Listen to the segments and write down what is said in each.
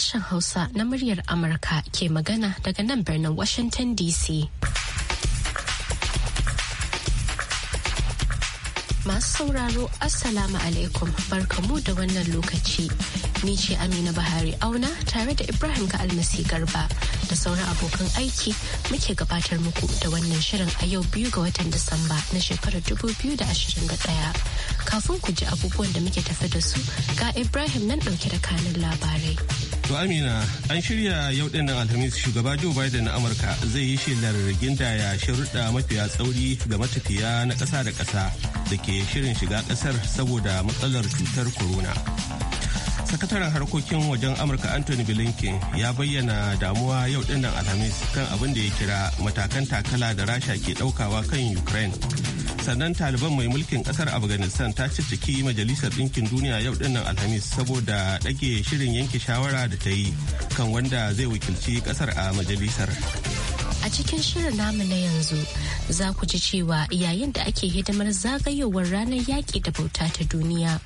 sashen Hausa na muryar Amurka ke magana daga nan birnin Washington DC. Masu sauraro Assalamu alaikum barkamu da wannan lokaci. Ni ce Amina Bahari Auna tare da Ibrahim ga almasi Garba da sauran abokan aiki muke gabatar muku da wannan shirin a yau biyu ga watan Disamba na shekarar 2021. Kafin ku ji abubuwan da muke tafi da su ga Ibrahim nan ɗauke da kanin labarai. To Amina, an shirya yau ɗin Alhamis shugaba Joe Biden na Amurka zai yi shelar ya sharuɗa mafiya tsauri ga matafiya na ƙasa da ƙasa da ke shirin shiga ƙasar saboda matsalar cutar corona. Sakataren harkokin wajen Amurka Anthony Blinken ya bayyana damuwa yau ɗin Alhamis kan abin da ya kira matakan takala da Rasha ke ɗaukawa kan Ukraine. sannan taliban mai mulkin kasar afghanistan ta cicciki majalisar ɗinkin duniya yau dinnan alhamis saboda ɗage shirin yanke shawara da ta yi kan wanda zai wakilci kasar a majalisar A cikin shirin namu na yanzu za ku ji cewa yayin da ake hidimar zagayowar ranar yaƙi da bauta ta duniya,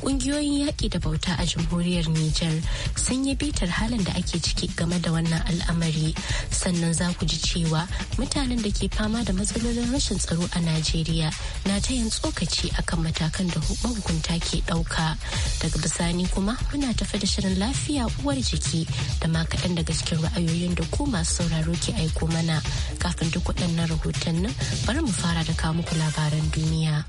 ƙungiyoyin yaƙi da bauta a jamhuriyar Nijar sun yi bitar halin da ake ciki game da wannan al'amari. Sannan za ku ji cewa mutanen da ke fama da matsalolin rashin tsaro a Najeriya na ta yin tsokaci akan matakan da hukunta ke ɗauka. Daga bisani kuma muna tafi da shirin lafiya uwar jiki da ma kaɗan daga cikin ra'ayoyin da ku masu sauraro ke aiko mana. bana kafin duk waɗannan nan bari mu fara da kawo muku labaran duniya.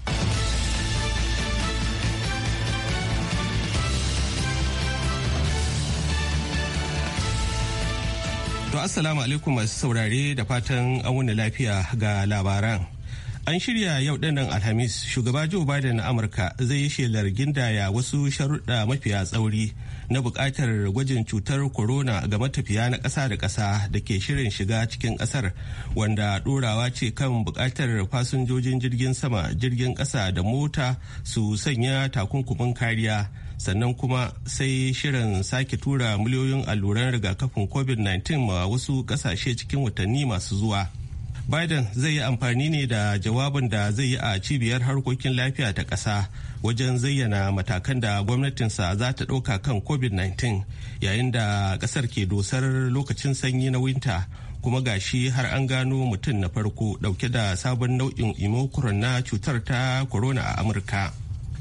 To assalamu alaikum masu saurare da fatan auna lafiya ga labaran. An shirya yau ɗinnan Alhamis shugaba Joe Biden na Amurka zai yi shelar gindaya wasu sharuɗa mafiya tsauri na bukatar gwajin cutar corona ga matafiya na ƙasa da ƙasa da ke shirin shiga cikin ƙasar wanda ɗorawa ce kan buƙatar fasinjojin jirgin sama jirgin ƙasa da mota su sanya takunkumin kariya sannan kuma sai shirin sake tura miliyoyin alluran rigakafin covid-19 ma wasu ƙasashe cikin watanni masu zuwa. Biden zai yi amfani ne da jawabin da zai yi a cibiyar harkokin lafiya ta ƙasa wajen zayyana matakan da gwamnatinsa za ta ɗauka kan covid-19 yayin da ƙasar ke dosar lokacin sanyi na winta kuma gashi har an gano mutum na farko ɗauke da sabon nau'in imokuron na cutar ta corona a amurka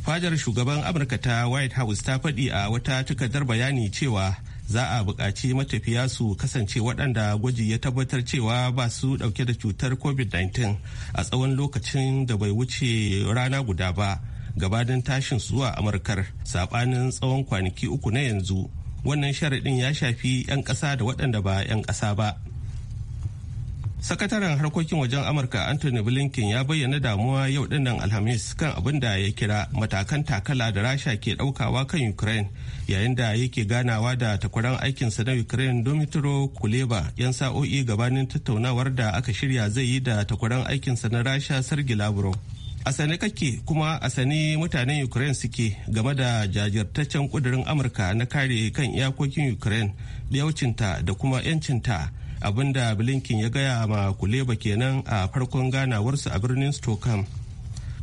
fadar shugaban amurka ta white house ta faɗi a wata takardar bayani cewa za a buƙaci matafiya su kasance waɗanda gwaji ya tabbatar cewa ba su ɗauke da cutar covid-19 a tsawon lokacin da bai wuce rana guda ba gabanin tashin zuwa amurkar sabanin tsawon kwanaki uku na yanzu wannan sharaɗin ya shafi 'yan ƙasa da waɗanda ba 'yan ƙasa ba sakataren harkokin wajen amurka anthony blinken ya bayyana damuwa yau dinnan alhamis kan abin da ya kira matakan takala da rasha ke ɗaukawa kan ukraine yayin da yake ganawa da takwaran aikinsa na ukraine domitro kuleba yan sa'o'i gabanin tattaunawar da aka shirya zai yi da takwaran aikinsa na rasha sergei lavrov a sane kake kuma a sane mutanen ukraine suke game da jajirtaccen ƙudirin amurka na kare kan iyakokin ukraine yaucinta da kuma 'yancinta abinda blinken ya gaya ma kuleba kenan a farkon ganawarsu a birnin stockholm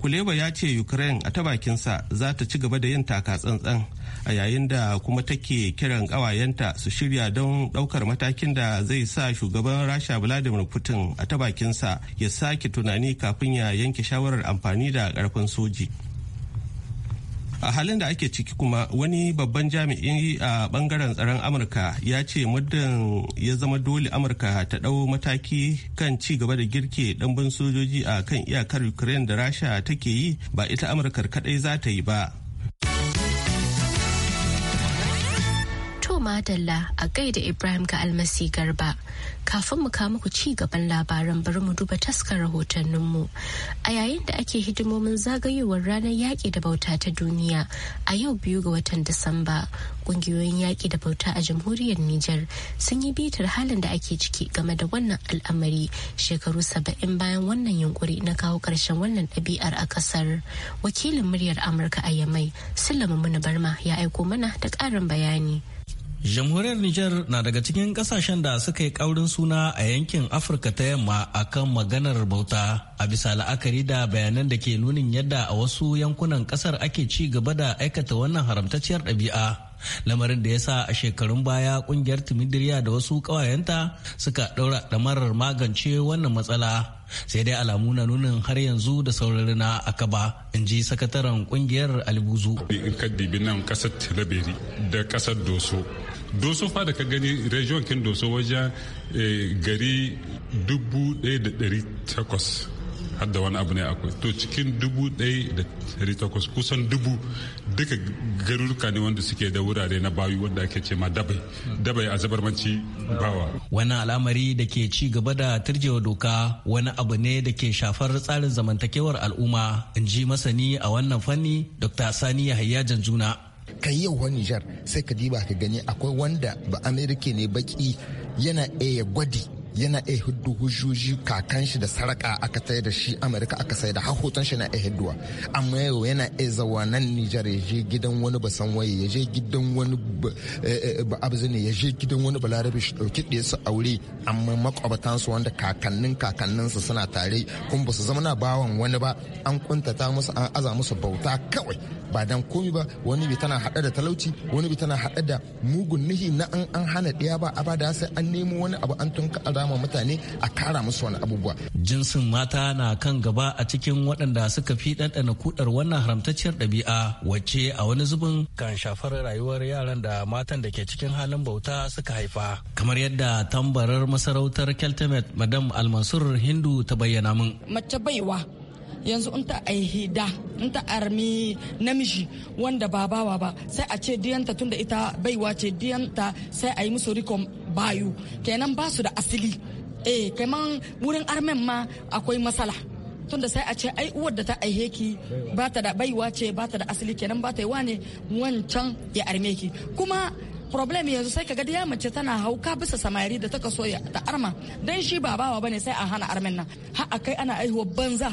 kuleba ya ce ukraine a ta bakinsa za ta ci gaba da yin taka tsantsan a yayin da kuma take kiran ƙawayenta su shirya don ɗaukar matakin da zai sa shugaban rasha vladimir putin a ta bakinsa ya sake tunani kafin ya yanke shawarar amfani da karfin soji a halin da ake ciki kuma wani babban jami'in a bangaren tsaron amurka ya ce muddin ya zama dole amurka ta ɗau mataki kan ci gaba da girke ɗanbin sojoji a kan iyakar ukraine da rasha take yi ba ita amurkar kaɗai za ta yi ba madalla a gaida Ibrahim ka almasi garba. Kafin mu kawo muku ci gaban labaran bari mu duba taskar rahotanninmu. A yayin da ake hidimomin zagayowar ranar yaƙi da bauta ta duniya a yau biyu ga watan Disamba, ƙungiyoyin yaƙi da bauta a jamhuriyar Nijar sun yi bitar halin da ake ciki game da wannan al'amari shekaru saba'in bayan wannan yunkuri na kawo ƙarshen wannan ɗabi'ar a ƙasar. Wakilin muryar Amurka a Yamai, Sulaiman Muna Barma ya aiko mana da ƙarin bayani. Jamhuriyar Nijar na daga cikin kasashen da suka yi kaurin suna a yankin Afirka ta yamma akan maganar bauta a bisa la'akari da bayanan da ke nunin yadda a wasu yankunan kasar ake ci gaba da aikata wannan haramtacciyar ɗabi'a. Lamarin da ya sa a shekarun baya kungiyar Timidiriya da wasu ƙawayenta suka ɗaura ɗamarar magance wannan matsala. Sai dai alamu na nunin har yanzu da saurari na ba in ji sakataren kungiyar Alibuzu. In ka dibi nan ƙasar Tilaberi da ƙasar Doso doso fa da ka gani region kin doso wajen eh, gari dubu ɗaya da takwas hadda wani abu ne akwai to cikin dubu da takwas kusan dubu duka garuruka ne wanda suke da wurare na bayu wanda ake ce ma dabai dabai a zabarmanci bawa wani al'amari da ke ci gaba da turjewa doka wani abu ne da ke shafar tsarin zamantakewar al'umma in ji masani a wannan fanni dr sani yahaya janjuna kai yau wani Nijar sai ka diba ka gani akwai wanda ba Amerika ne baki yana iya gwadi yana iya hudu hujjoji kakan shi da saraka aka tai da shi Amerika aka sai da hoton shi na iya hudduwa amma yau yana iya zawa nan Nijar ya je gidan wani basan waye ya je gidan wani ba eh, eh, abzini ya je gidan wani balarabe shi dauki ɗaya su aure amma makwabatan su wanda kakannin kakannin su suna tare kuma ba su zama na bawan wani ba an kuntata musu an aza musu bauta kawai ba dan komi ba wani bi tana haɗe da talauci wani bi tana haɗe da mugun nihi na an an hana ɗaya ba a bada sai an nemo wani abu an tunka rama mutane a kara musu wani abubuwa. Jinsin mata na kan gaba a cikin waɗanda suka fi ɗanɗana kudar wannan haramtacciyar ɗabi'a wacce a wani zubin kan shafar rayuwar yaran da matan da ke cikin halin bauta suka haifa. Kamar yadda tambarar masarautar Keltemet Madam Almansur Hindu ta bayyana min. Mace baiwa yanzu in ta aihi da in ta armi namiji wanda ba bawa ba sai a ce diyanta tunda ita baiwa ce diyanta sai a yi musu rikon bayu kenan ba su da asili e kaman wurin armen ma akwai matsala tunda sai a ce ai uwar da ta aihe ki ba ta da baiwa ce ba ta da asili kenan ba ta yi wane wancan ya arme ki kuma problem yanzu sai ka ya mace tana hauka bisa samari da ta kaso ta arma dan shi ba bawa bane sai a hana armen nan har akai ana aihuwa banza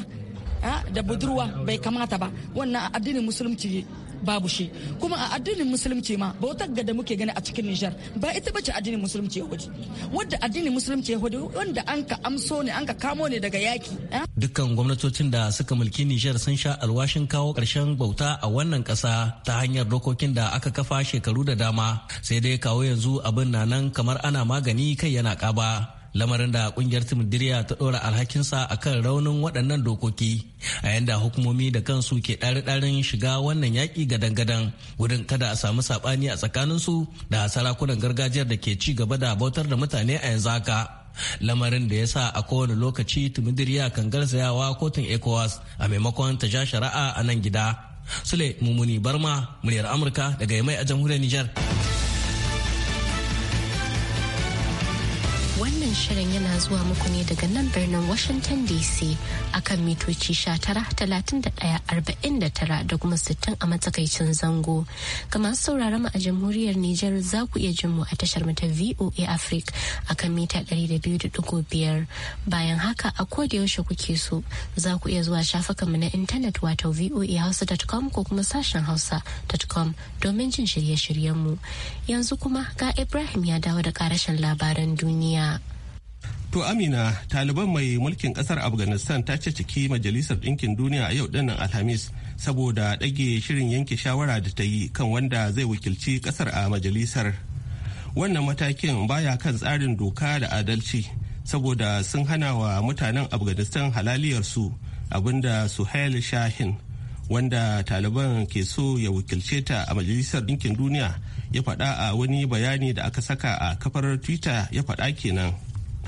Ah, da budurwa bai kamata ba wannan addinin musulunci babu shi kuma a addinin musulunci ma bautar ga da muke gani a cikin Nijar ba ita bace addinin musulunci Yahudi wadda addinin musulunci Yahudi wanda an ka amso ne an ka kamo ne daga yaki ah. dukkan gwamnatocin da suka mulki Nijar sun sha alwashin kawo karshen bauta a wannan kasa ta hanyar dokokin da aka kafa shekaru da dama sai dai kawo yanzu abin na nan kamar ana magani kai yana kaba. lamarin da kungiyar timidiriya ta dora alhakinsa a kan raunin waɗannan dokoki a yanda hukumomi da kansu ke ɗari-ɗarin shiga wannan yaƙi gadan-gadan gudun kada a samu saɓani a tsakaninsu da sarakunan gargajiyar da ke ci gaba da bautar da mutane a yanzu haka lamarin da ya sa a kowane lokaci timidiriya kan garzayawa kotun ecowas a maimakon ta ja shari'a a nan gida sule mummuni barma muryar amurka daga yamai a jamhuriyar nijar. Wannan shirin yana zuwa muku ne daga nan birnin Washington DC akan mitoci 19,31,49 da kuma 60 a matsakaicin zango. Ga masu sauraron mu a jamhuriyar Nijar za ku iya jin mu a tashar mu ta VOA Africa akan mita 200.5. Bayan haka a koda yaushe kuke so za ku iya zuwa shafukanmu na intanet wato voahouse.com ko kuma sashen hausa.com domin jin shirye-shiryenmu. Yanzu kuma ga Ibrahim ya dawo da karashin labaran duniya. To Amina, Taliban mai mulkin kasar Afghanistan ta ce ciki Majalisar Ɗinkin Duniya a yau dinnan Alhamis saboda ɗage shirin yanke shawara da ta yi kan wanda zai wakilci kasar a majalisar. Wannan matakin baya kan tsarin doka da adalci saboda sun hana wa mutanen Afghanistan halaliyarsu abinda su Suhail Shahin wanda Taliban ke so ya wakilce ta a Majalisar Ɗinkin Duniya ya faɗa a wani bayani da aka saka a kafar twitter ya faɗa kenan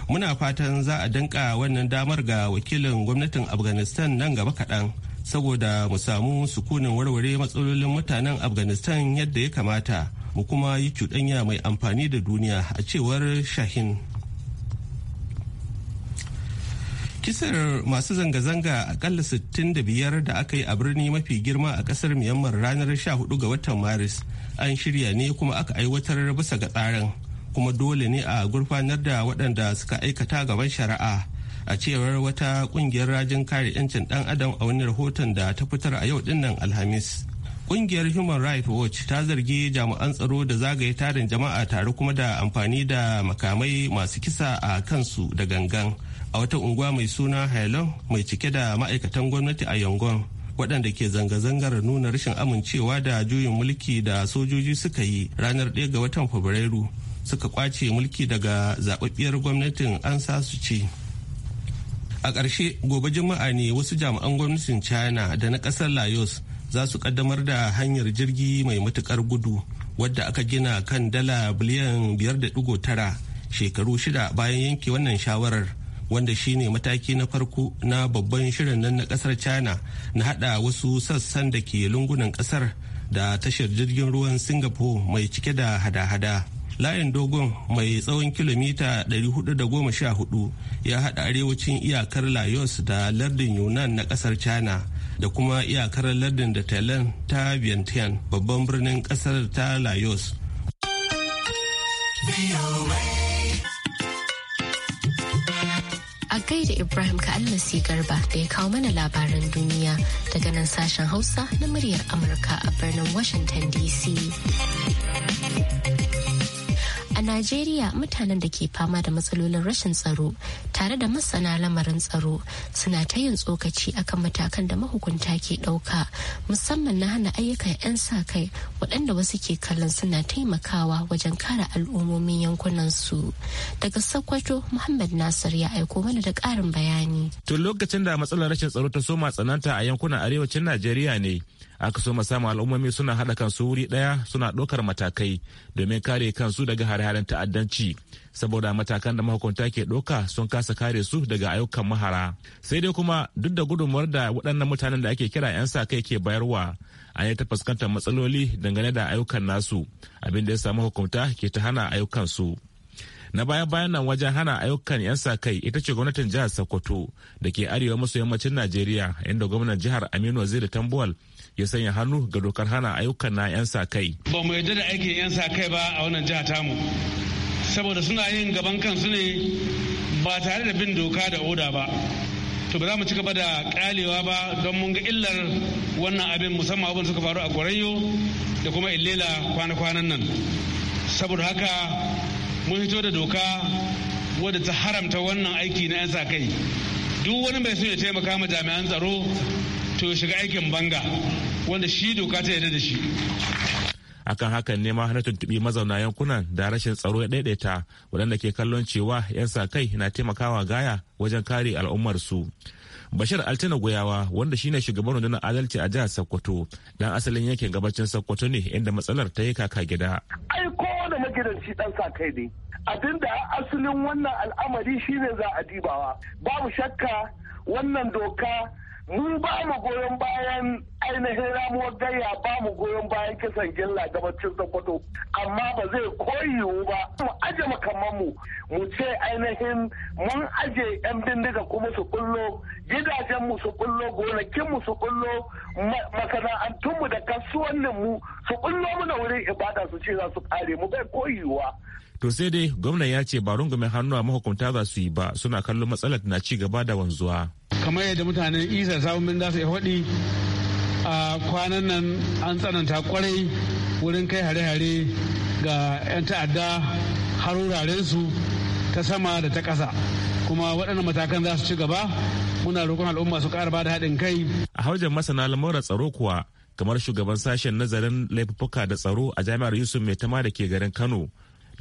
muna fatan za a danka wannan damar ga wakilin gwamnatin afghanistan nan gaba kaɗan saboda mu samu sukunin warware matsalolin mutanen afghanistan yadda ya kamata mu kuma yi cuɗanya mai amfani da duniya a cewar shahin kisar masu zanga-zanga akalla 65 da aka yi a birni mafi girma a kasar myanmar ranar 14 ga watan maris an shirya ne kuma aka aiwatar bisa ga tsarin kuma dole ne a gurfanar da waɗanda suka aikata gaban shari'a a cewar wata ƙungiyar rajin kare 'yancin ɗan adam a wani rahoton da ta fitar a yau dinnan alhamis Ƙungiyar human rights watch ta zargi jami'an tsaro da zagaye tarin jama'a tare kuma da amfani da makamai masu kisa a kansu da gangan a wata unguwa mai suna hailon mai cike da ma'aikatan gwamnati a yangon waɗanda ke zanga-zangar nuna rashin amincewa da juyin mulki da sojoji suka yi ranar 1 ga watan fabrairu suka kwace mulki daga zaɓaɓɓiyar gwamnatin an su ce a ƙarshe gobe juma'a ne wasu jami'an gwamnatin china da na ƙasar laos za su ƙaddamar da hanyar jirgi mai matuƙar gudu wadda aka gina kan dala biliyan 5.9 shekaru shida bayan yanke wannan shawarar wanda shine mataki na farko na babban shirin nan na kasar china na hada wasu sassan da ke lungunan kasar da tashar jirgin ruwan singapore mai cike da hada-hada layin dogon mai tsawon kilomita 414 ya hada arewacin iyakar laos da lardin yunan na kasar china da kuma iyakar lardin da thailand ta vientiane babban birnin kasar ta laos. a gaida Ibrahim ka si Garba da ya kawo mana labaran duniya daga nan sashen Hausa na muryar Amurka a birnin Washington DC. a najeriya mutanen da ke fama da matsalolin rashin tsaro tare da masana lamarin tsaro suna ta yin tsokaci akan matakan da mahukunta ke ɗauka musamman na hana ayyukan 'yan sa kai waɗanda wasu ke kallon suna taimakawa wajen kare al'ummomin yankunan su daga sokoto muhammad nasir ya aiko mana da ƙarin bayani To lokacin da matsalar rashin tsaro ta soma tsananta a yankunan arewacin najeriya ne aka so samun al'ummomi suna haɗa kansu wuri ɗaya suna ɗaukar matakai domin kare kansu daga hare-haren ta'addanci saboda matakan da mahukunta ke ɗauka sun kasa kare su daga ayyukan mahara sai dai kuma duk da gudunmuwar da waɗannan mutanen da ake kira 'yan sa kai ke bayarwa an yi ta fuskantar matsaloli dangane da ayyukan nasu abin da ya samu hukunta ke ta hana ayyukan su na baya bayan nan wajen hana ayyukan 'yan sa kai ita ce gwamnatin jihar sokoto da ke arewa maso yammacin najeriya inda gwamnan jihar aminu waziri tambuwal ya sanya hannu ga dokar hana ayyukan na 'yan sa kai. Ba mu yarda da aikin 'yan sa kai ba a wannan jiha tamu. Saboda suna yin gaban kansu ne ba tare da bin doka da oda ba. To ba za mu ci gaba da kalewa ba don mun ga illar wannan abin musamman abin suka faru a Gwarayyo da kuma Illela kwana-kwanan nan. Saboda haka mun hito da doka wadda ta haramta wannan aiki na 'yan sa kai. Duk wani mai so ya taimaka ma jami'an tsaro to shiga aikin banga wanda shi doka ta yarda da shi akan hakan ne ma na tuntuɓi mazauna yankunan da rashin tsaro ya daidaita waɗanda ke kallon cewa 'yan sa kai na taimakawa gaya wajen kare al'ummar su Bashir Altina Goyawa wanda shine shugaban rundunar adalci a jihar Sokoto dan asalin yankin gabacin Sokoto ne inda matsalar ta yi kaka gida. Ai da magidanci dan sa kai ne. Abinda asalin wannan al'amari shine za a dibawa. Babu shakka wannan doka mu ba mu goyon bayan ainihin ramuwar gayya ba mu goyon bayan kisan gilla gabacin sokoto amma ba zai koyiwu ba mu aje makamanmu mu ce ainihin mun aje yan bindiga kuma su kullo gidajenmu su kullo gonakinmu su kullo masana'antunmu da kasuwanninmu su kullo muna wurin ibada su ce za su kare mu bai koyiwa to sai dai gwamnan ya ce ba rungumin hannu a mahukunta za su yi ba suna kallon matsalar na ci gaba da wanzuwa. kamar yadda mutanen isa sabon bin za su faɗi a kwanan nan an tsananta kwarai wurin kai hare-hare ga 'yan ta'adda har wurarensu ta sama da ta ƙasa kuma waɗannan matakan za su ci gaba muna roƙon al'umma su ƙara ba da haɗin kai a haujan masana lamuran tsaro kuwa kamar shugaban sashen nazarin laifuka da tsaro a jami'ar yusuf mai tama da ke garin kano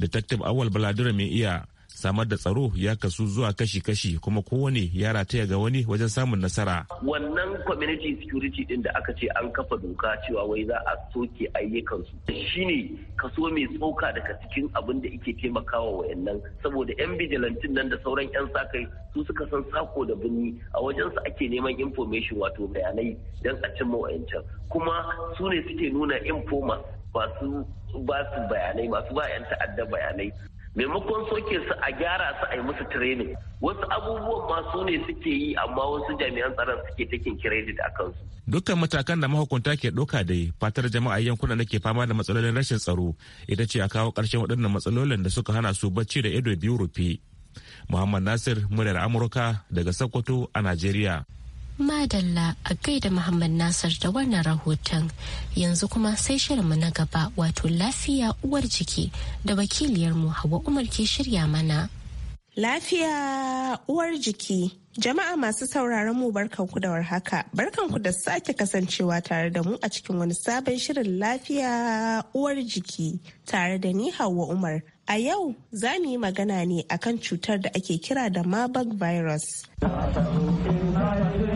detective awal baladura mai iya samar da tsaro ya kasu zuwa kashi-kashi kuma kowane ya rataya ga wani wajen samun nasara. Wannan community security din da aka ce an kafa doka cewa wai za a soke ayyukansu shine kaso mai tsoka daga cikin abin da ike taimakawa wayannan saboda yan bijilantin nan da sauran yan sa su suka san sako da birni a wajen su ake neman information wato bayanai don a cimma wayancan kuma su ne suke nuna informa masu ba su bayanai masu ba 'yan ta'adda bayanai maimakon soke su a gyara su a yi musu training wasu abubuwan masu ne suke yi amma wasu jami'an tsaron suke takin kiredit a kansu. dukkan matakan da mahukunta ke ɗauka dai fatar jama'a yankunan da ke fama da matsalolin rashin tsaro ita ce a kawo ƙarshen waɗannan matsalolin da suka hana su bacci da ido biyu rufe muhammad nasir muryar amurka daga sokoto a najeriya. Madalla a gaida Muhammad Nasir da wannan rahoton yanzu kuma sai shirinmu na gaba wato lafiya uwar jiki da wakiliyarmu Hawa Umar ke shirya mana. Lafiya uwar jiki Jama'a masu sauraron mu barkanku da warhaka, barkanku da sake kasancewa tare da mu a cikin wani sabon shirin lafiya uwar jiki tare da ni Hauwa Umar. A yau za mu yi magana ne akan cutar da ake kira da Marburg virus.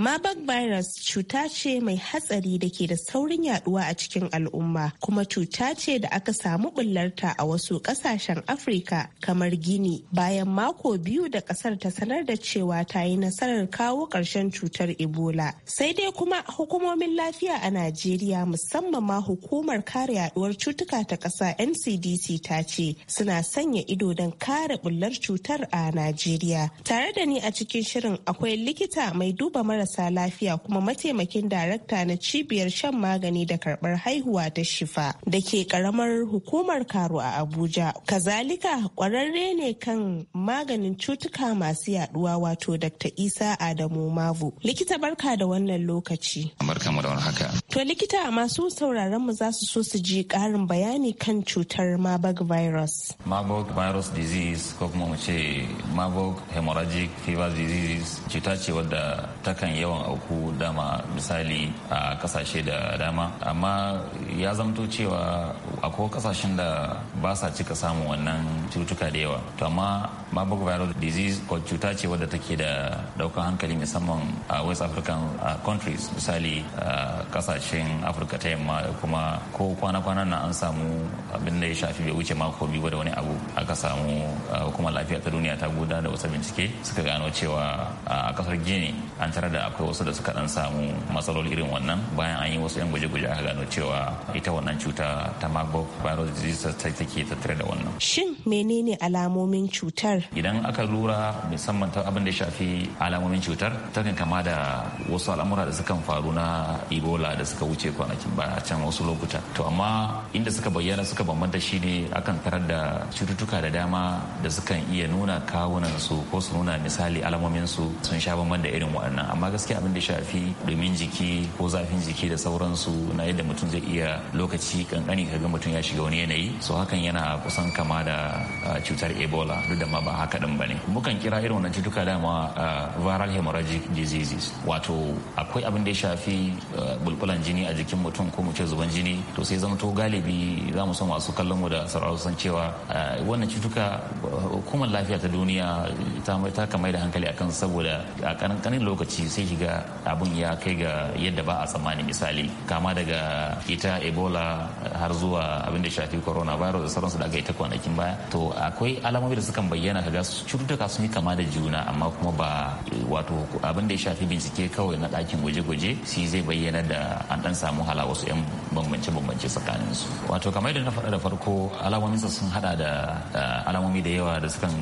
Marburg virus cuta ce mai hatsari da ke da saurin yaduwa a cikin al'umma kuma cuta ce da aka samu bullarta a wasu kasashen Afrika kamar Gini bayan mako biyu da kasar ta sanar da cewa ta yi nasarar kawo ƙarshen cutar Ebola. Sai dai kuma hukumomin lafiya a Najeriya musamman ma hukumar kare yaduwar cutuka ta ƙasa NCDC ta ce suna sanya ido don kare bullar cutar a Najeriya. Tare da ni a cikin shirin akwai likita mai duba mara marasa lafiya kuma mataimakin darakta na cibiyar shan magani da karɓar haihuwa ta shifa da ke karamar hukumar karo a abuja kazalika kwararre ne kan maganin cutuka masu yaduwa wato dr isa adamu mavu likita barka da wannan lokaci barka mu da haka To likita masu sauraron mu za su so su ji ƙarin bayani kan cutar Marburg virus. Marburg virus disease ko kuma mu ce Marburg hemorrhagic fever disease cuta ce wadda takan yawan auku dama misali a kasashe da dama amma ya zamto cewa akwai kasashen da ba sa cika samun wannan cututtuka da yawa. To amma Marburg virus disease ko cuta ce wadda take da daukan hankali musamman a West African countries misali kasashe kasashen afirka ta yamma da kuma ko kwana kwana na an samu abin da ya shafi bai wuce mako biyu da wani abu aka samu kuma lafiya ta duniya ta guda da wasu bincike suka gano cewa a kasar gini an tare da akwai wasu da suka dan samu matsaloli irin wannan bayan an yi wasu yan guje-guje aka gano cewa ita wannan cuta ta marburg virus disease ta take tattare da wannan shin menene alamomin cutar idan aka lura musamman ta abin da ya shafi alamomin cutar ta kan kama da wasu al'amura da sukan faru na ebola da suka wuce kwanakin baya a can wasu lokuta to amma inda suka bayyana suka bambanta shi ne akan tarar da cututtuka da dama da sukan iya nuna kawunan su ko su nuna misali alamomin su sun sha bambanta irin waɗannan amma gaskiya abin da shafi domin jiki ko zafin jiki da sauransu na yadda mutum zai iya lokaci kankani kaga mutum ya shiga wani yanayi so hakan yana kusan kama da ah, cutar ebola duk da ma ba haka din bane mukan kira irin wannan cutuka dama ah, viral hemorrhagic diseases wato akwai abin da ya shafi ah, bulbulan jini a jikin mutum ko mu ce zuban jini to sai zama to galibi za mu san masu kallon mu da sarau san cewa eh, wannan cutuka hukumar lafiya ta duniya ta ta kamar da hankali akan saboda a kankanin lokaci sai shiga abun ya kai ga yadda ba a tsammani misali kama daga ita ebola har zuwa abin da shafi coronavirus da sauransu da aka yi ta kwanakin baya to akwai alamomi da sukan bayyana kaga cututtuka sun yi kama da juna amma kuma ba wato abin da ya shafi bincike kawai na ɗakin gwaje-gwaje shi zai bayyana da an dan samu hala wasu 'yan bambance-bambance su wato kamar yadda na faɗa da farko alamominsa sun hada da alamomi da yawa da sukan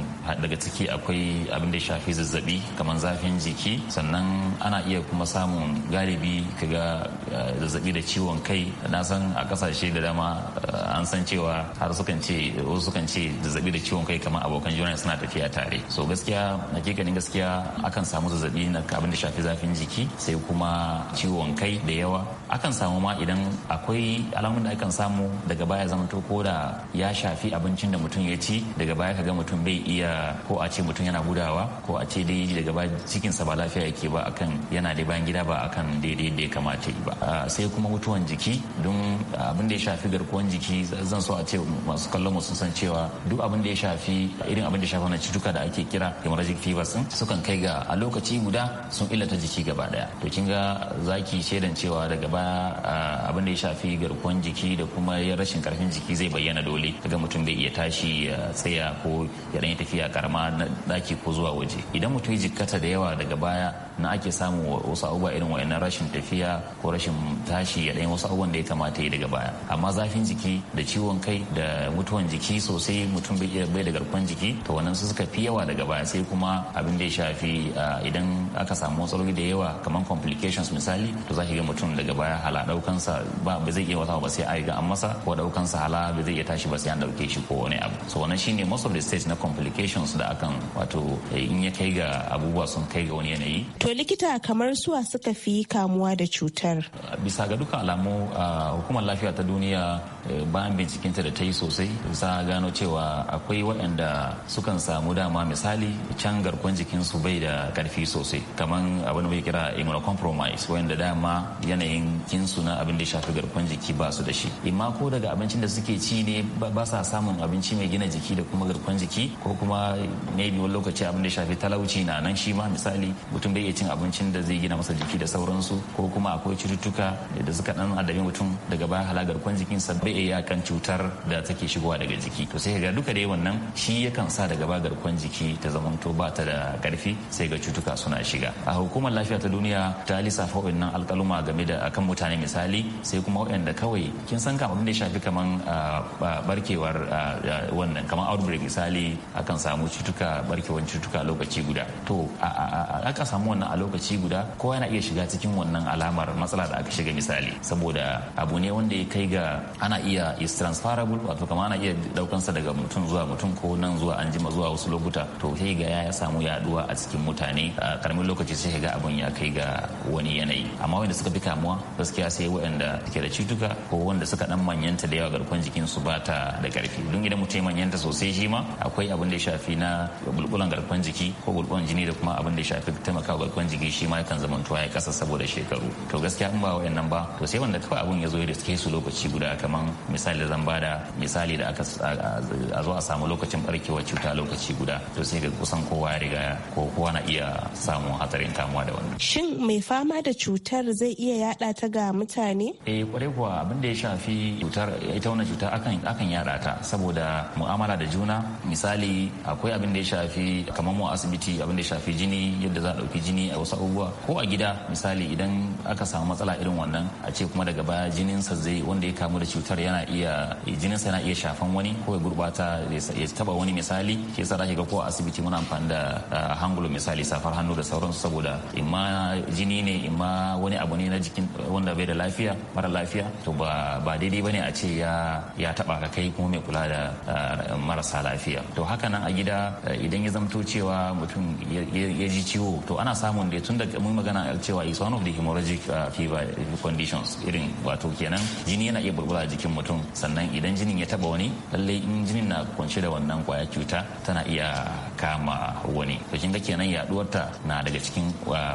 daga ciki akwai abin da shafi zazzabi kamar zafin jiki sannan ana iya kuma samun galibi kaga eh, zazzabi da ciwon kai na san a kasashe da dama eh, an san cewa har sukan ce wasu sukan ce zazzabi da ciwon kai kamar abokan juna suna tafiya tare so gaskiya hakikanin gaskiya akan samu zazzabi na abin da shafi zafin jiki sai kuma ciwon kai da yawa akan samu ma idan akwai alamun da akan samu daga baya to ko da ya shafi abincin da mutum ya ci daga baya ka ga mutum bai iya ko a ce mutum yana gudawa ko a ce dai daga baya cikinsa ba lafiya yake ba akan yana da bayan gida ba akan daidai da ya kamata ba sai kuma mutuwan jiki don abin da ya shafi garkuwan jiki zan so a ce masu kallon mu sun san cewa duk abin da ya shafi irin abin da ya shafi na cutuka da ake kira hemorrhagic fever sun sukan kai ga a lokaci guda sun illata jiki gaba daya to kin ga zaki shaidan cewa daga ba abin da ya shafi garkuwan jiki da kuma rashin karfin jiki zai bayyana dole daga mutum bai iya tashi ya tsaya ko ya ɗanyi tafiya karama na ɗaki ko zuwa waje idan mutum ya jikkata da yawa daga baya na ake samun wasu abubuwa irin wa'annan rashin tafiya ko rashin tashi ya ɗanyi wasu abubuwan da ya kamata ya daga baya amma zafin jiki da ciwon kai da mutuwan jiki sosai mutum bai iya bai da garkuwan jiki to wannan su suka fi yawa daga baya sai kuma abin da ya shafi idan aka samu matsaloli da yawa kamar complications misali to za ga mutum daga baya ya hala daukansa ba zai iya wata ba sai ai ga an masa ko daukansa hala ba zai iya tashi ba sai an dauke shi ko wani abu so wannan shine most of the stage na complications da akan wato eh, in ya kai ga abubuwa sun kai ga wani yanayi to likita kamar suwa suka fi kamuwa da cutar bisa ga duka alamu ah, hukumar lafiya ta duniya Eh, ba bayan bincikinta da ta yi sosai sa gano cewa akwai waɗanda sukan samu dama misali can garkon jikinsu bai da karfi sosai kamar abin da bai kira immunocompromise wanda dama yanayin kinsu na abin da ya shafi garkon jiki ba su da shi imma ko daga abincin da suke ci ne ba sa samun abinci mai gina jiki da kuma garkon jiki ko kuma maybe wani lokaci abin da ya shafi talauci na nan shi ma misali mutum bai iya cin abincin da zai gina masa jiki da sauransu ko kuma akwai cututtuka da suka dan adabi mutum daga baya halagar kwan jikinsa bai Eh, a kan cutar da take shigowa daga jiki to sai ga duka dai wannan shi yakan sa daga ba garkuwar jiki ta zamanto ba ta da karfi sai ga cutuka suna shiga a hukumar lafiya ta duniya ta lissafa waɗannan alkaluma game da akan mutane misali sai kuma waɗanda kawai kin san kamar da ya shafi kaman ah, barkewar ah, wannan kaman outbreak misali akan samu cutuka barkewar cutuka lokaci guda to aka samu wannan a lokaci guda kowa yana iya shiga cikin wannan alamar matsala da aka shiga misali saboda abu ne wanda ya kai ga ana iya is transferable wato kama ana iya daukansa daga mutum zuwa mutum ko nan zuwa an jima zuwa wasu lokuta to sai ga ya samu yaduwa a cikin mutane a karamin lokaci sai ga abun ya kai ga wani yanayi amma wanda suka fi kamuwa gaskiya sai waɗanda ke da cutuka ko wanda suka dan manyanta da yawa garkuwar jikin su ba ta da karfi don idan mutum manyanta sosai shi ma akwai abin da ya shafi na bulbulan garkuwar jiki ko bulbulan jini da kuma abin da ya shafi taimakawa garkuwar jiki shi ma yakan tuwa ya kasa saboda shekaru to gaskiya in ba waɗannan ba to sai wanda kawai abun ya zo ya riske su lokaci guda kamar Misali misali zan bada misali da aka a zo a samu lokacin barkewar cuta lokaci guda to sai ga kusan kowa ya riga ko kowa na iya samun hatsarin kamuwa da wannan shin mai fama da cutar zai iya yada ta ga mutane eh kwarai kuwa abin da ya shafi cutar ita wannan cutar akan akan yada ta saboda mu'amala da juna misali akwai abin da ya shafi kamar mu asibiti abin da ya shafi jini yadda za a dauki jini a wasu abubuwa ko a gida misali idan aka samu matsala irin wannan a ce kuma daga baya jininsa zai wanda ya kamu da cutar cutar yana iya sa yana iya shafan wani ko ya gurbata ya taba wani misali ke sa zaki ga ko a asibiti muna amfani da ah, hangulo misali safar hannu da sauransu saboda imma jini ne imma wani abu ne na jikin wanda bai da lafiya mara lafiya to ba ba daidai bane a ce ya ya taba ka kai kuma mai kula da ah, marasa lafiya to haka nan a gida eh, idan ya zamto cewa mutum ya ji ciwo to ana samun da tun da mun magana cewa is one of the hemorrhagic ah, fever conditions irin wato kenan jini yana iya burbura jikin jikin mutum sannan idan jinin ya taba wani lallai in jinin na kunshe da wannan kwaya cuta tana iya kama wani to kin ga kenan yaduwarta na daga cikin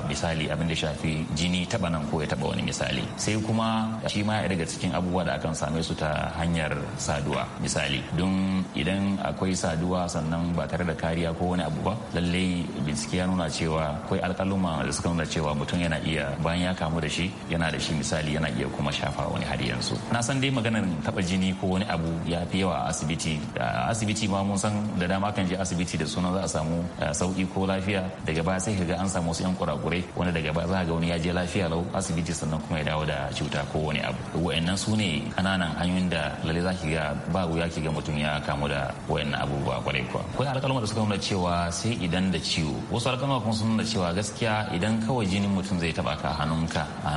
misali abin da shafi jini taba nan ko ya taba wani misali sai kuma shi ma ya daga cikin abubuwa da akan same su ta hanyar saduwa misali don idan akwai saduwa sannan ba tare da kariya ko wani abu ba lallai bincike ya nuna cewa akwai alkaluma da suka nuna cewa mutum yana iya bayan ya kamu da shi yana da shi misali yana iya kuma shafa wani har yanzu na san dai maganar yawan taba jini ko wani abu ya fi yawa a asibiti a asibiti ma mun san da dama kan je asibiti da suna za a samu eh, sauki ko lafiya daga baya sai kaga an samu wasu yan kurakurai wanda daga baya za ga wani ya je lafiya lau asibiti sannan kuma ya dawo da cuta ko wani abu wa'annan su ne kananan hanyoyin da lalle za ki ga ba wuya ki ga mutum ya kamu da wa'annan abubuwa kwarai kuwa akwai alƙalma da suka nuna cewa sai idan da ciwo wasu alƙalma kuma sun nuna cewa gaskiya idan kawai jinin mutum zai taba ka hannunka a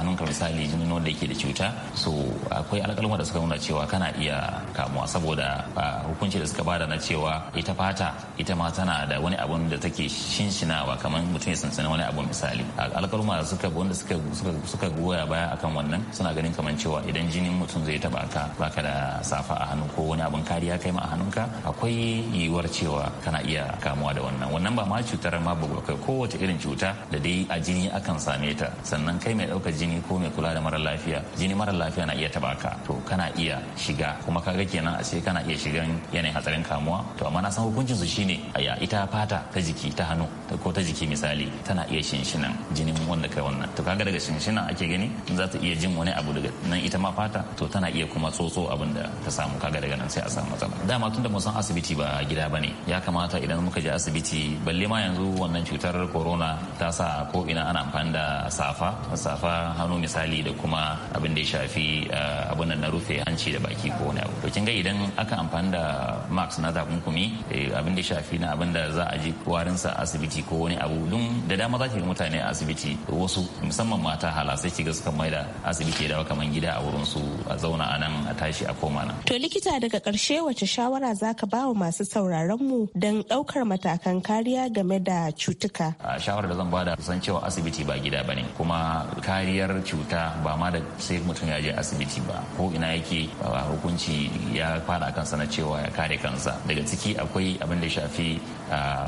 hannunka misali jinin wanda yake da cuta so akwai alƙalma cikin wanda suka nuna cewa kana iya kamuwa saboda hukunci da suka bada na cewa ita fata ita ma tana da wani abun da take shinshinawa kamar mutum ya sansani wani abun misali alkaluma da suka wanda suka goya baya akan wannan suna ganin kamar cewa idan jinin mutum zai taba ka baka da safa a hannu ko wani abun kariya kai ma a hannunka akwai yiwuwar cewa kana iya kamuwa da wannan wannan ba ma cutar ma kai kowace irin cuta da dai a jini akan same ta sannan kai mai ɗaukar jini ko mai kula da mara lafiya jini mara lafiya na iya taba ka to kana iya shiga kuma kaga kenan a ce kana iya shigan yanayin hatsarin kamuwa to amma na san hukuncin su shine aya ita fata ta jiki ta hannu ko ta jiki misali tana iya shinshinan jinin wanda kai wannan to kaga daga shinshinan ake gani za ta iya jin wani abu daga nan ita ma fata to tana iya kuma tsotso abin da ta samu kaga daga nan sai a samu matsala dama tun da mun san asibiti ba gida bane ya kamata idan muka je asibiti balle ma yanzu wannan cutar corona ta sa ko ina ana amfani da safa safa hannu misali da kuma abin da ya shafi eh, abin nan rufe hanci da baki ko wani abu to ga idan aka amfani da max na takunkumi eh, abin da shafi na abin da za a ji warin sa asibiti ko wani abu dun da dama za ki yi mutane a asibiti wasu musamman mata hala sai ki ga suka da asibiti da kaman gida a wurin su a zauna a nan a tashi a koma nan to likita daga karshe wace shawara zaka ba wa masu sauraron mu don daukar matakan kariya game da cutuka a shawarar da zan bada san cewa asibiti ba gida bane kuma kariyar cuta ba ma da sai mutum ya je asibiti ba ko ina yake hukunci ya fada kansa na cewa ya kare kansa daga ciki akwai abin da shafi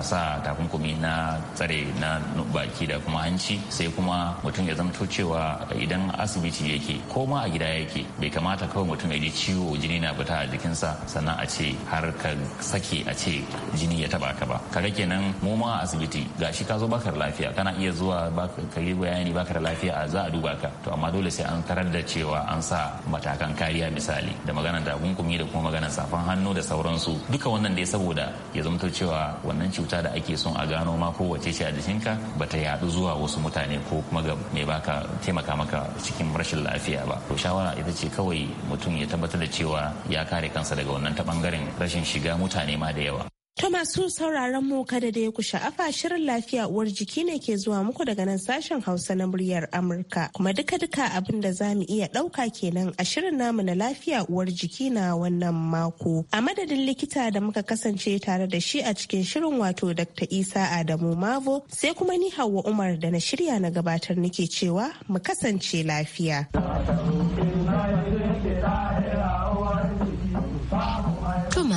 sa takunkumi na tsare na baki da kuma hanci sai kuma mutum ya zamto cewa idan asibiti yake ko ma a gida yake bai kamata kawai mutum ya ji ciwo jini na fita a jikinsa sannan a ce har ka sake a ce jini ya taba ka ba kaga kenan mu ma a asibiti gashi ka zo baka da lafiya kana iya zuwa ka yi bayani baka da lafiya a za a duba ka to amma dole sai an tarar da cewa an sa matakan kan kariya misali da maganan takunkumi da kuma magana safan hannu da sauransu duka wannan dai saboda ya zama cewa wannan cuta da ake son a gano ma kowace ce a jikinka ba ta yaɗu zuwa wasu mutane ko kuma ga mai baka taimaka maka cikin rashin lafiya ba to shawara ita ce kawai mutum ya tabbatar da cewa ya kare kansa daga wannan ta bangaren rashin shiga mutane ma da yawa To masu sauraron mu kada da ya ku sha'afa shirin lafiya uwar jiki ne ke zuwa muku daga nan sashen Hausa na muryar Amurka. Kuma duka-duka abin da za mu iya ɗauka kenan a shirin namu na lafiya uwar jiki na wannan mako. A madadin likita da muka kasance tare da shi a cikin shirin wato Dr. Isa Adamu Mavo sai kuma ni Hauwa Umar da na shirya na gabatar nake cewa mu kasance lafiya.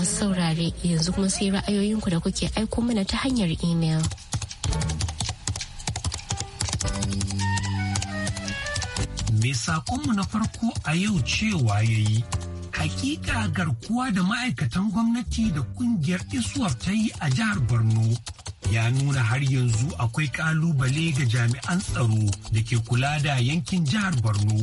masu saurare yanzu kuma sai ra'ayoyinku da kuke aiko mana ta hanyar imel. Mai sakonmu na farko a yau cewa ya yi, hakika garkuwa da ma'aikatan gwamnati da kungiyar isuwar ta yi a jihar Borno ya nuna har yanzu akwai kalubale ga jami'an tsaro da ke kula da yankin jihar Borno.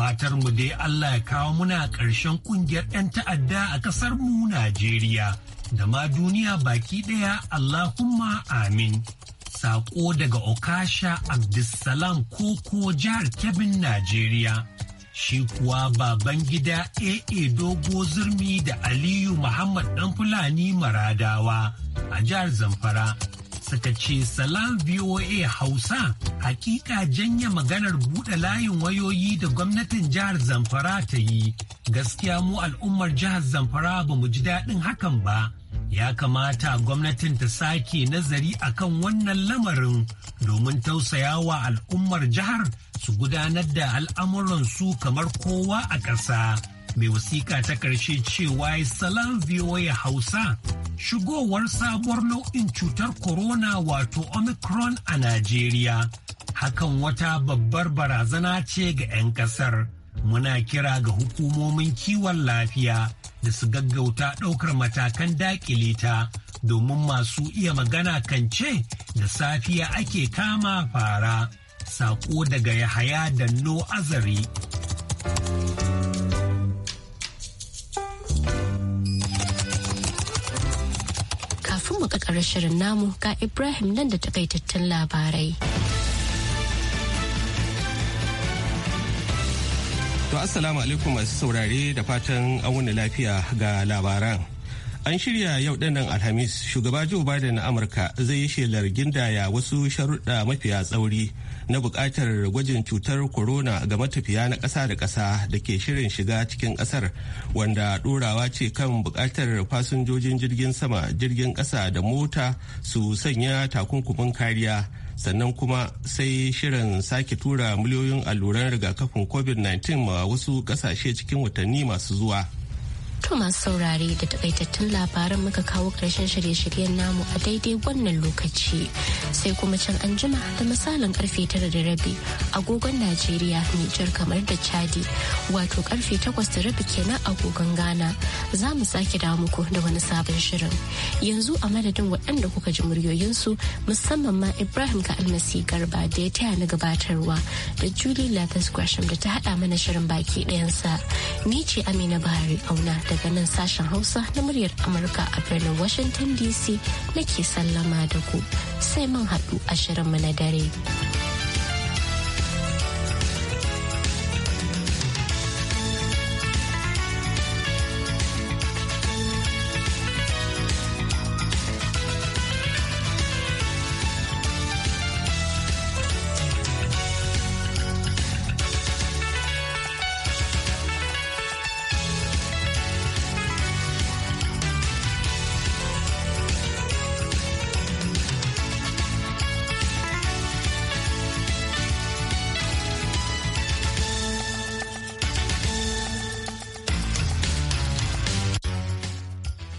Fatar mu dai Allah ya kawo muna ƙarshen ƙungiyar 'yan ta'adda a ƙasar mu Najeriya da ma duniya baki ɗaya Allahumma amin. Saƙo daga Okasha Abdulsalam Koko jihar kebbin Najeriya. Shi kuwa baban gida AA Dogo Zurmi da Aliyu Muhammad Ɗan Fulani Maradawa a jihar Zamfara. suka ce salam VOA Hausa hakika janye maganar buɗe layin wayoyi da gwamnatin jihar Zamfara ta yi. Gaskiya mu al'ummar jihar Zamfara ba mu ji daɗin hakan ba. Ya kamata gwamnatin ta sake nazari akan wannan lamarin domin tausayawa al'ummar jihar su gudanar da al'amuran su kamar kowa a ƙasa. Mai wasiƙa ta ƙarshe cewa salam VOA Hausa shigowar sabuwar nau'in cutar corona wato omicron a Najeriya. Hakan wata babbar barazana ce ga 'yan kasar. Muna kira ga hukumomin kiwon lafiya da su gaggauta ɗaukar matakan dakile ta domin masu iya magana kan ce da safiya ake kama fara. Sako daga Yahaya da No Azari. kafin mu kakarar shirin namu ga Ibrahim nan da takaitattun labarai. To Assalamu alaikum masu saurare da fatan an wani lafiya ga labaran. An shirya yau ɗanan Alhamis, shugaba Joe Biden na Amurka zai yi shelar gindaya wasu sharuɗa mafiya tsauri. na buƙatar gwajin cutar corona ga matafiya na ƙasa da ƙasa da ke shirin shiga cikin ƙasar wanda ɗorawa ce kan buƙatar fasinjojin jirgin sama jirgin ƙasa da mota su sanya takunkumin kariya sannan kuma sai shirin sake tura miliyoyin alluran rigakafin covid-19 ma wasu ƙasashe cikin watanni masu zuwa. To masu saurare da takaitattun labaran muka kawo ƙarshen shirye-shiryen namu a daidai wannan lokaci sai kuma can an jima da misalin karfe tara da rabi agogon Najeriya Nijar kamar da Chadi wato karfe takwas da rabi kenan agogon Ghana za mu sake dawo muku da wani sabon shirin yanzu a madadin waɗanda kuka ji muryoyinsu musamman ma Ibrahim ka almasi garba da ya taya na gabatarwa da Julie Lathas Gresham da ta haɗa mana shirin baki ɗayansa ni ce Amina Bahari Auna daga nan sashen Hausa na muryar Amurka a birnin Washington DC nake sallama da ku sai mun haɗu a mu na dare.